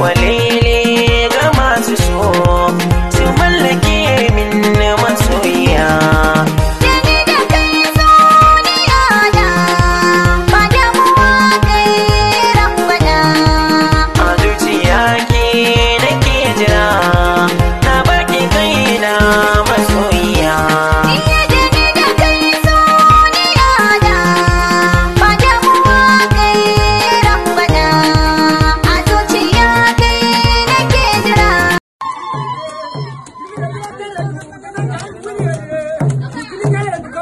kwalili ga masu so